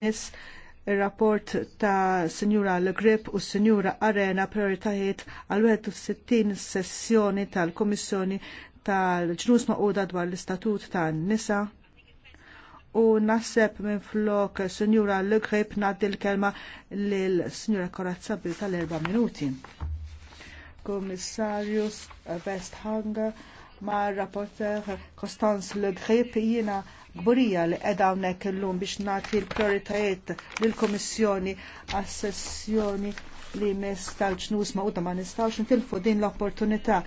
Nis il-rapport ta' Sinjura Le u Sinjura Arena prioritajiet għal 61 sessjoni tal-Komissjoni tal-ġnus maquda dwar l-Istatut tan nisa u nasseb minn flok Sinjura Le Grip naddi l-kelma l-Sinjura Korazza bil tal erba minuti. Komissarius Westhanger ma' rapporter Le Ledgrip jiena gburija li edha hawnhekk illum biex nagħti l-prioritajiet lill-Kummissjoni għas-sessjoni li mistawx nusma u ma nistawx nitilfu din l-opportunità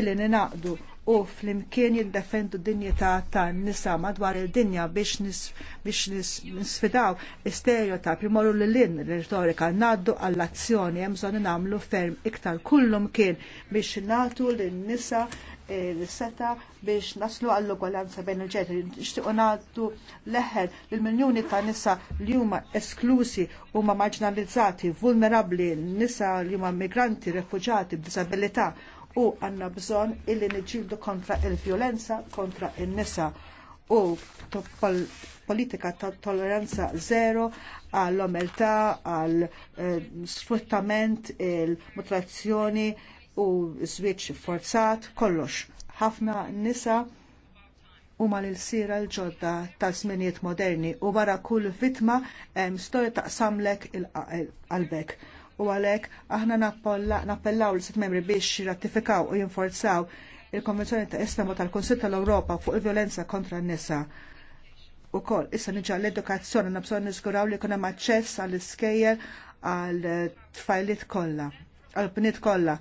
illi ninaqdu u flimkien jiddefendu d-dinjità tan nisa madwar id-dinja biex, nis, biex nis, nisfidaw stereotip jmorru l lin retorika ngħaddu għall-azzjoni hemm bżonn nagħmlu ferm iktar kullum kien biex nagħtu lin nisa l-seta biex naslu għall-ugolanza bejn il-ġeneri. Nixtiequ naddu leħel l-miljuni ta' nisa li huma esklusi huma marginalizzati, vulnerabbli, nisa li huma migranti, refuġati b'disabilità u għandna bżonn illi niġġieldu kontra il-vjolenza kontra il nisa u politika ta' tolleranza zero għall omelta eh, għall-sfruttament, il mutrazzjoni u żwieġ forzat, kollox. Ħafna nisa huma lil sira l-ġodda ta' żminijiet moderni u wara kull vittma hemm storja taqsamlek il-qalbek. U għalhekk aħna nappellaw l sit membri biex jirratifikaw u jinforzaw il-Konvenzjoni ta' Istanbul tal-Konsil tal-Ewropa fuq il-violenza kontra n-nisa. U kol, issa niġa l-edukazzjoni nabżon nizguraw li jkun hemm aċċess għall-iskejjel għal tfajliet kollha, għal bniet kollha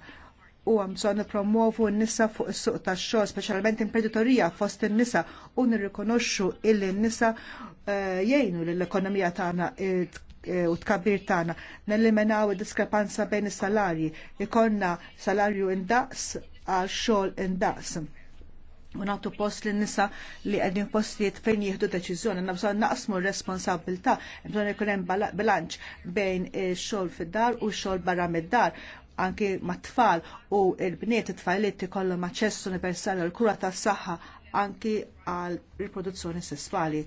u għam bżon nippromovu n-nisa fuq is-suq tax-xogħol, speċjalment imprenditorija fost in-nisa u nirrikonoxxu illi n-nisa eh, jgħinu lill-ekonomija tagħna eh, u tkabbir tagħna. Nelliminaw id-diskrepanza bejn is-salarji, ikonna salarju indaqs għal xogħol indaqs u nagħtu post lin nisa li qegħdin postijiet fejn jieħdu deċiżjoni. Għandna bżonn naqsmu r-responsabilità, bżonn ikun hemm bilanċ bejn ix-xogħol fid-dar u x-xogħol barra mid-dar anke mat-tfal u l-bniet it-tfajliet ikollhom aċċess universali għall kura tas-saħħa anki għal riproduzzjoni sessuali.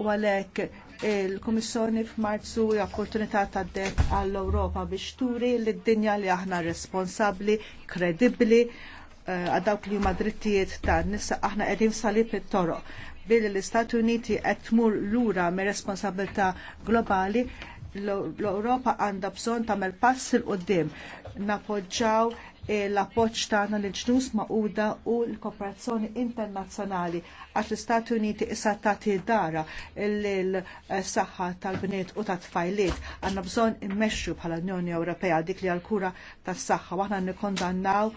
U għalhekk il-Kummissjoni f'Marzu hija opportunità tad-deb għall-Ewropa biex turi lid-dinja li aħna responsabbli, kredibbli, eh, għad dawk li huma drittijiet tan nisa aħna qegħdin salib it-toroq billi l-Istati Uniti qed tmur lura mir responsabilità globali l-Europa għandha bżonn tagħmel pass il qudiem napoġġaw eh, l-appoġġ tagħna lil ġnus maquda u l-kooperazzjoni internazzjonali għax l-Istati Uniti issa tagħti dara l-saħħa eh, tal-bniet u tat-tfajliet għandna bżonn immexxu bħala Unjoni Ewropea dik li għall-kura tas-saħħa waħna nikkondannaw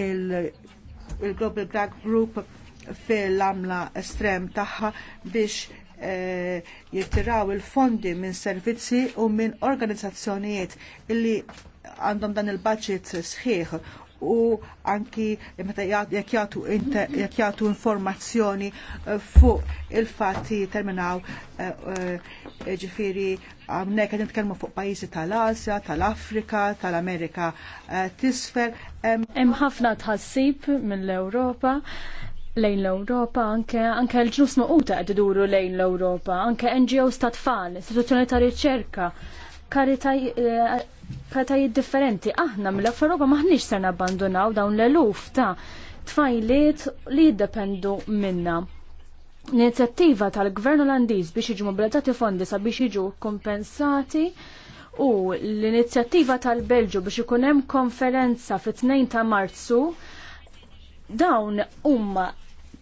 il-Global Gag Group fil-għamla estrem tagħha biex Eh, jittiraw il-fondi minn servizzi u minn organizzazzjonijiet illi għandhom dan il-budget sħiħ u anki meta jekk jagħtu informazzjoni eh, fuq il-fatti terminaw eh, ġifiri hawnhekk qed nitkellmu fuq pajjiżi tal-Asja, tal-Afrika, tal-Amerika tisfel. Hemm ħafna tħassib mill-Ewropa lejn l ewropa anke, anke l-ġnus maquta qed iduru lejn l ewropa anke NGOs ta' tfal, istituzzjoni ta' riċerka, eh, karitajiet differenti. Aħna mill-Europa maħniex ser nabbandunaw dawn l-eluf ta' tfajliet li jiddependu minna. L-inizjattiva tal-Gvern Olandiż biex jiġu mobilitati fondi sabiex jiġu kompensati u l-inizjattiva tal-Belġu biex ikun hemm konferenza fit-2 ta' Marzu dawn huma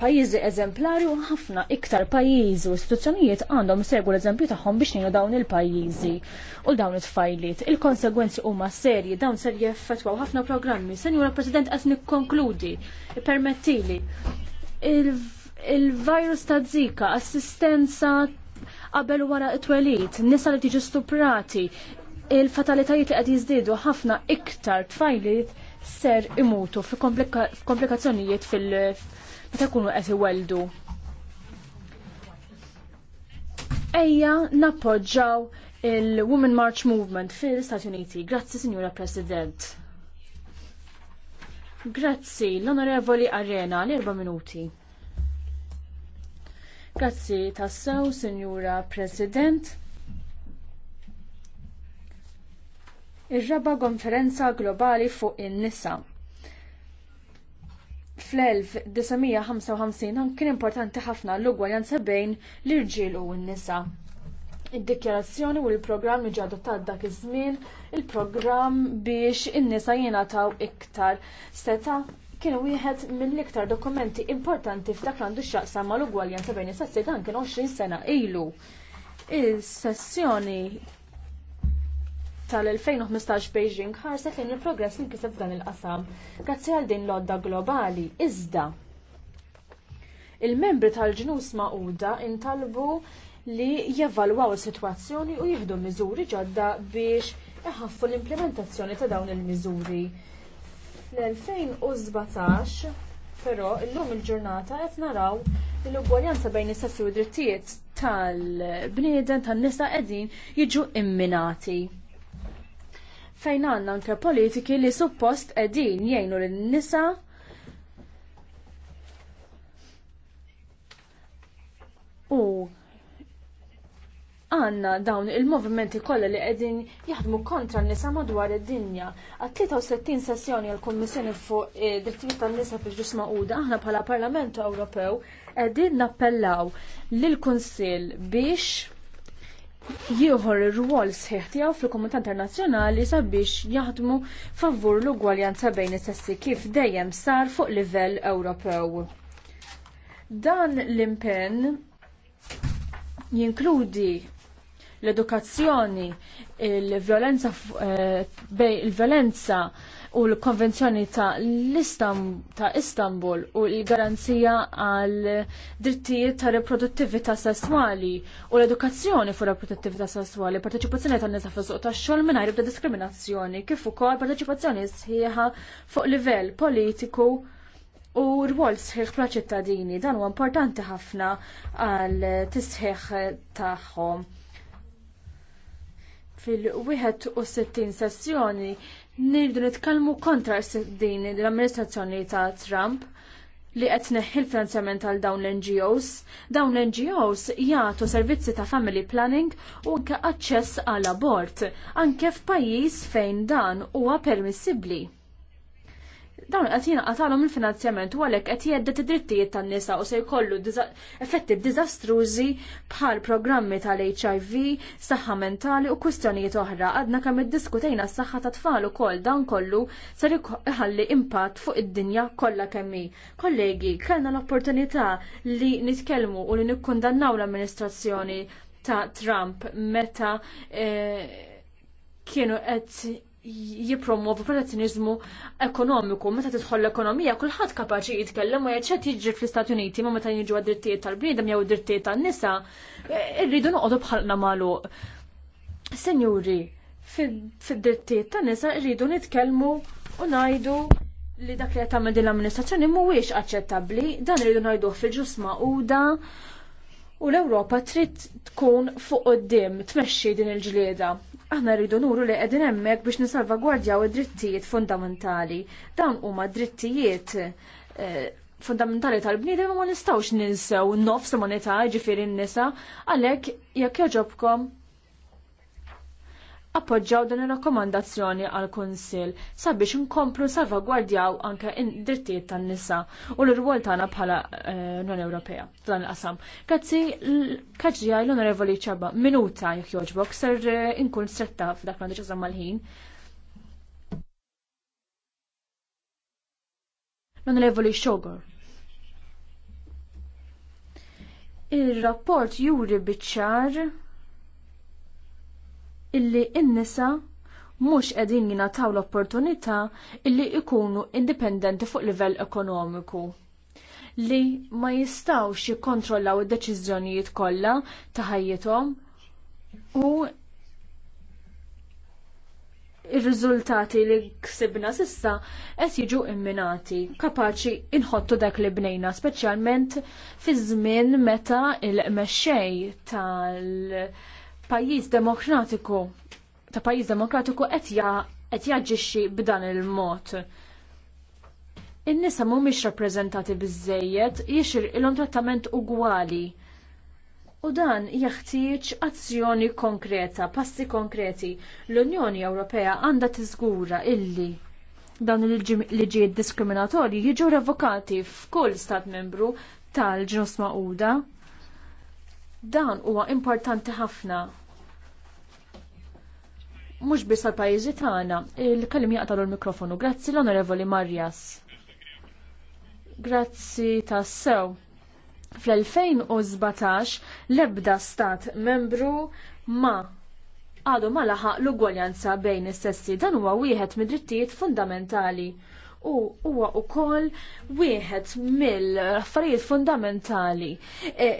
pajjiżi eżemplari u ħafna iktar pajjiżi u istituzzjonijiet għandhom segu l-eżempju tagħhom biex ngħinu dawn il-pajjiżi u dawn it-tfajliet. Il-konsegwenzi huma serji dawn ser jeffettwaw ħafna programmi. Senjura President qed nikkonkludi, permettili. Il-virus ta' Zika, assistenza qabel wara it-twelid, nisa li tiġi stuprati, il-fatalitajiet li qed jiżdiedu ħafna iktar tfajliet ser imutu fi komplikazzjonijiet fil- meta jkunu qed iweldu. Ejja nappoġġaw il-Women March Movement fil-Stati Uniti. Grazzi, Signora President. Grazzi, l-Onorevoli Arena, l-erba minuti. Grazzi tassew, Signora President. ir-raba konferenza globali fuq in-nisa. Fl-1955 kien importanti ħafna l-ugwaljanza bejn l-irġiel u n-nisa. Id-dikjarazzjoni u l-programm li adottat dak iż-żmien, il-programm biex in-nisa jingħataw iktar seta kien wieħed mill-iktar dokumenti importanti f'dak għandu x'jaqsam mal-ugwaljanza bejn is-sessi dan kien 20 sena ilu. Is-sessjoni tal-2015 Beijing ħarset li il-progress li nkiseb f'dan il-qasam grazzi għal din l-odda globali. Iżda, il-membri tal-ġnus Magħquda intalbu li jevalwaw is-sitwazzjoni u jieħdu miżuri ġodda biex iħaffu l-implementazzjoni ta' dawn il-miżuri. L-2017 però illum il-ġurnata qed naraw l-ugwaljanza bejn is-sessi u drittijiet tal-bniedem tan-nisa qegħdin jiġu imminati fejn għandna anke politiki li suppost qegħdin jgħinu lin nisa u għanna dawn il-movimenti kollha li qegħdin jaħdmu kontra n-nisa madwar id-dinja. Għat 63 sessjoni għal kummissjoni fuq eh, drittijiet tan-nisa fi ġisma Uda, aħna bħala Parlament Ewropew qegħdin nappellaw lill kunsill biex jieħor ir-rwol sħiħ tiegħu fil-Komunità Internazzjonali sabiex jaħdmu favur l-ugwaljanza bejn is-sessi kif dejjem sar fuq livell Ewropew. Dan l-impenn jinkludi l-edukazzjoni, il-violenza eh, il-violenza u l-Konvenzjoni ta' ta' Istanbul u l-Garanzija għal drittijiet ta' riproduttività sessuali u l-edukazzjoni fuq reproduttività sessuali, parteċipazzjoni ta' nisa fuq ta' xogħol mingħajr ibda diskriminazzjoni, kif ukoll parteċipazzjoni sħiħa fuq livell politiku u rwol sħiħ bla ċittadini dan huwa importanti ħafna għal tisħiħ tagħhom fil-61 sessjoni nirdu nitkellmu kontra din l-amministrazzjoni ta' Trump li qed neħħi l-finanzjament għal dawn l-NGOs. Dawn l-NGOs jagħtu servizzi ta' family planning u anke aċċess għal abort anke f'pajjiż fejn dan huwa permissibbli dawn qed jinqatalhom il-finanzjament u għalhekk qed jeddet id-drittijiet tan-nisa u se jkollu effetti diżastrużi bħal programmi tal-HIV, saħħa mentali u kwistjonijiet oħra għadna kemm iddiskutejna s-saħħa ta' tfal ukoll dan kollu ser iħalli impatt fuq id-dinja kollha kemm hi. Kollegi, kellna l-opportunità li nitkellmu u li nikkundannaw l-amministrazzjoni ta' Trump meta eh, kienu qed jipromovu protezzjonizmu ekonomiku. Meta tidħol l-ekonomija, kulħadd kapaċi jitkellem u jgħid xed jiġri fl-Istati Uniti, ma meta jiġu għad-drittijiet tal-bniedem jew id-drittijiet tan-nisa, irridu noqogħdu bħalna magħluq. Senjuri, fid-drittijiet tan-nisa rridu nitkellmu u ngħidu li dak li qed tagħmel din l-amministrazzjoni mhuwiex aċċettabbli, dan irridu ngħiduh fil-ġus maquda u l-Ewropa trid tkun fuq qudiem tmexxi din il-ġlieda Aħna rridu nuru li qegħdin hemmhekk biex nisalvagwardjaw id-drittijiet fundamentali. Dawn huma drittijiet eh, fundamentali tal-bniedem ma nistgħux ninsew nofs umanità ġifieri n-nisa għalhekk jekk joġobkom appoġġjaw dan ir-rakkomandazzjoni għal kunsill sabiex inkomplu salvagwardjaw anke d-drittijiet tan-nisa u l-irwol tagħna bħala eh, Unjoni Ewropea dan il-qasam. Grazzi kaġġija l-Onorevoli Ċaba minuta jekk jogħġbok ser eh, inkun stretta f'dak m'għandux mal-ħin. l-Onorevoli Xogor. Il-rapport juri biċċar illi n-nisa mhux qegħdin jingħataw l-opportunità illi jkunu indipendenti fuq livell ekonomiku li ma jistawx jikkontrollaw id-deċiżjonijiet kollha ta' ħajjithom u ir-riżultati li ksibna sissa qed jiġu imminati, kapaċi inħottu dak li bnejna, speċjalment fi żmien meta il-mexxej tal- pajjiż demokratiku ta' pajjiż demokratiku qed jaġixxi b'dan il-mod. In-nisa mhumiex rappreżentati biżejjed jixir ilhom trattament ugwali. U dan jeħtieġ azzjoni konkreta, passi konkreti. L-Unjoni Ewropea għandha tiżgura illi dawn il-liġijiet diskriminatorji jiġu revokati f'kull stat membru tal-ġnus Magħquda. Dan huwa importanti ħafna. Mhux biss għall pajjiżi tagħna, il-kelim jaqtalu l-mikrofonu. Grazzi l-Onorevoli Marjas. Grazzi tassew. Fl-2017 l-ebda stat membru ma għadu ma laħaq l-ugwaljanza bejn is-sessi dan huwa wieħed mid-drittijiet fundamentali u huwa wkoll wieħed mill-affarijiet fundamentali. E,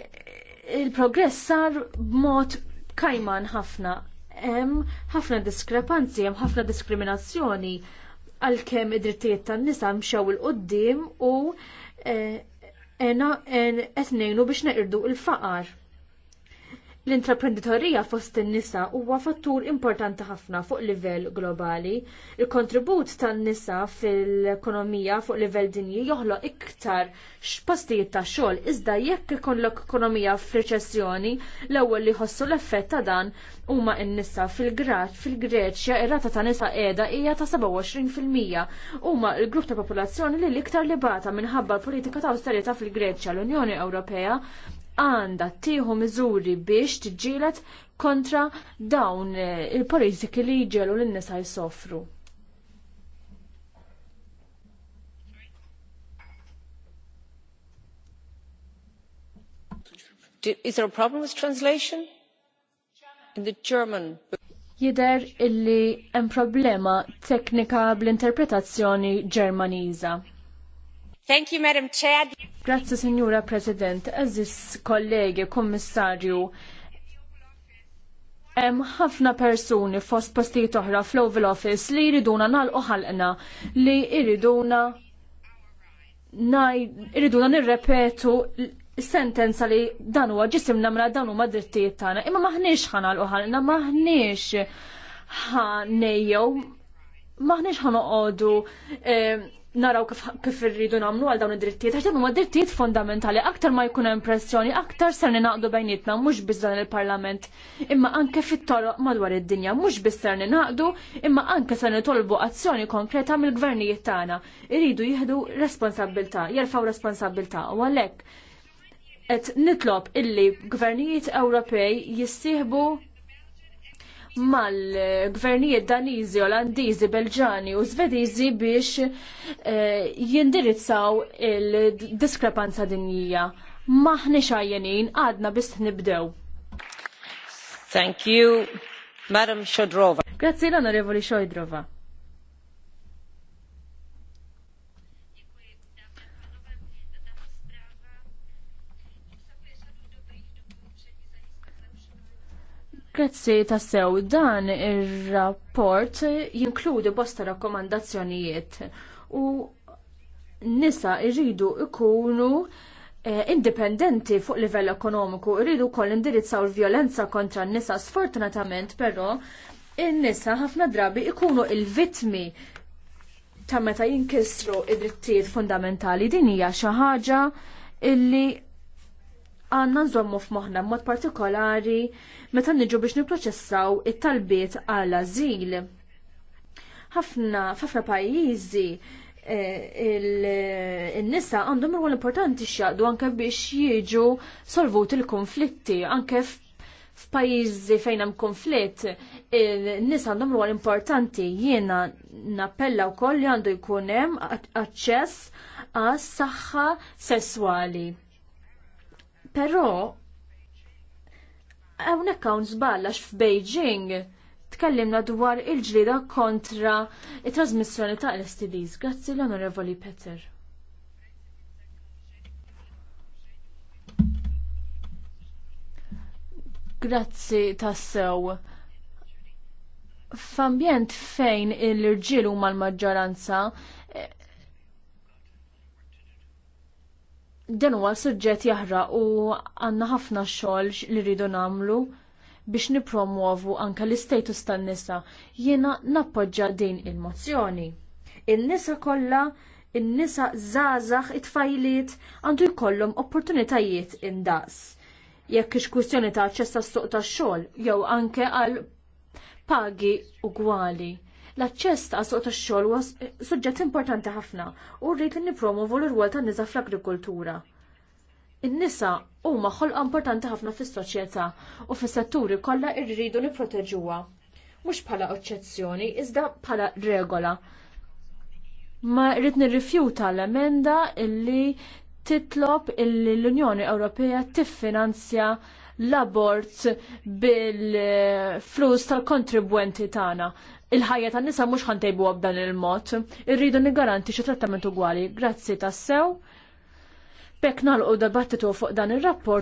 il-progress sar b'mod kajman ħafna. Hemm ħafna diskrepanzi, hemm ħafna diskriminazzjoni għalkemm id-drittijiet tan-nisa mxew il-qoddim u qed eh, ngħinu biex neqirdu il-faqar. L-intraprenditorija fost in-nisa huwa fattur importanti ħafna fuq livell globali. Il-kontribut tan-nisa fil-ekonomija fuq livell dinji joħloq iktar postijiet ta' xogħol iżda jekk ikun l-ekonomija f'reċessjoni l-ewwel li jħossu l-effett ta' dan huma n-nisa fil-Grat fil-Greċja ir-rata ta' nisa qiegħda hija ta' 27% huma l-grupp ta' popolazzjoni li l-iktar libata minħabba l-politika ta' awsterjetà fil-Greċja l-Unjoni Ewropea għandha tieħu miżuri biex tiġġielet kontra dawn eh, il-politiki li jġelu l-nisa jsofru. Is there a problem with translation? In the German jider illi hemm problema teknika bl-interpretazzjoni Ġermaniża. Thank you, Madam Chair. Grazzi, Signora President, eżis kollegi, kommissarju. Hemm ħafna persuni fost postijiet oħra fl-Oval Office li jriduna nagħlqu ħalqna li jriduna iriduna nirrepetu sentenza li dan huwa ġisimna mela dan huma drittijiet tagħna, imma maħniex ħanalqu ħalqna, maħniex ħanejjew maħniex ħanoqodu eh, naraw kif irridu nagħmlu għal dawn id-drittijiet, għax huma drittijiet fundamentali, aktar ma jkun hemm aktar ser ninaqdu bejnietna mhux biss dan il-Parlament, imma anke fit-toroq madwar id-dinja, mhux biss ser ninaqdu, imma anke se nitolbu azzjoni konkreta mill-gvernijiet tagħna. Iridu jieħdu responsabilità, jerfgħu responsabilità u għalhekk qed nitlob illi gvernijiet Ewropej jissieħbu mal-gvernijiet Daniżi, Olandiżi, Belġani u Svediżi biex eh, jindirizzaw il-diskrepanza dinjija. Maħni xajjenin, għadna biss nibdew. Thank you, Madam Shodrova. Grazie l-Onorevoli Shodrova. Grazzi tassew dan ir-rapport jinkludi bosta rakkomandazzjonijiet u nisa irridu ikunu eh, indipendenti fuq livell ekonomiku, irridu koll indirizzaw il-vjolenza kontra n-nisa. Sfortunatament, però, n nisa ħafna drabi ikunu il-vitmi ta' meta jinkisru id-drittijiet fundamentali. Din hija xi ħaġa illi għanna nżommu f'moħna mod partikolari meta niġu biex niproċessaw it-talbiet għal azil. Ħafna f'ħafna pajjiżi eh, il-nisa għandhom rwol importanti x'jaqdu anke biex jiġu solvuti l-konflitti, anke f'pajjiżi fejn hemm konflitt, in-nisa għandhom rwol importanti jiena nappella wkoll li għandu jkun hemm aċċess għas saħħa sesswali Però hawnhekk hawn żballax f'Beijing tkellimna dwar il-ġlida kontra it-trasmissjoni ta' STDs. Grazzi l-Onorevoli Peter. Grazzi tassew. F'ambjent fejn il-irġiel huma l-maġġoranza, dan huwa suġġett jaħraq u għandna ħafna xogħol li rridu nagħmlu biex nipromuovu anke l-istatus tan-nisa. Jiena nappoġġa din il-mozzjoni. In-nisa kollha in-nisa żgħażagħ it-tfajliet għandu jkollhom opportunitajiet indaqs. Jekk ix kwistjoni ta' ċessa tas-suq tax-xogħol jew anke għal pagi ugwali L-aċċess ta' suq tax-xogħol huwa eh, suġġett importanti ħafna u rrid li nippromovu l-irwol tan-nisa fl-agrikoltura. In-nisa huma ħolqa importanti ħafna fis-soċjetà u fis-setturi kollha rridu nipproteġuha. Mhux bħala oċċezzjoni, iżda bħala regola. Ma rrid nirrifjuta l-emenda illi titlob illi l-Unjoni Ewropea tiffinanzja l-abort bil-flus tal-kontribwenti tagħna. Il-ħajja tan-nisa mhux ħantejbu b'dan il-mod. Irridu nigaranti xi trattament ugwali. Grazzi tassew. Bekk nalqu dibattitu fuq dan ir-rapport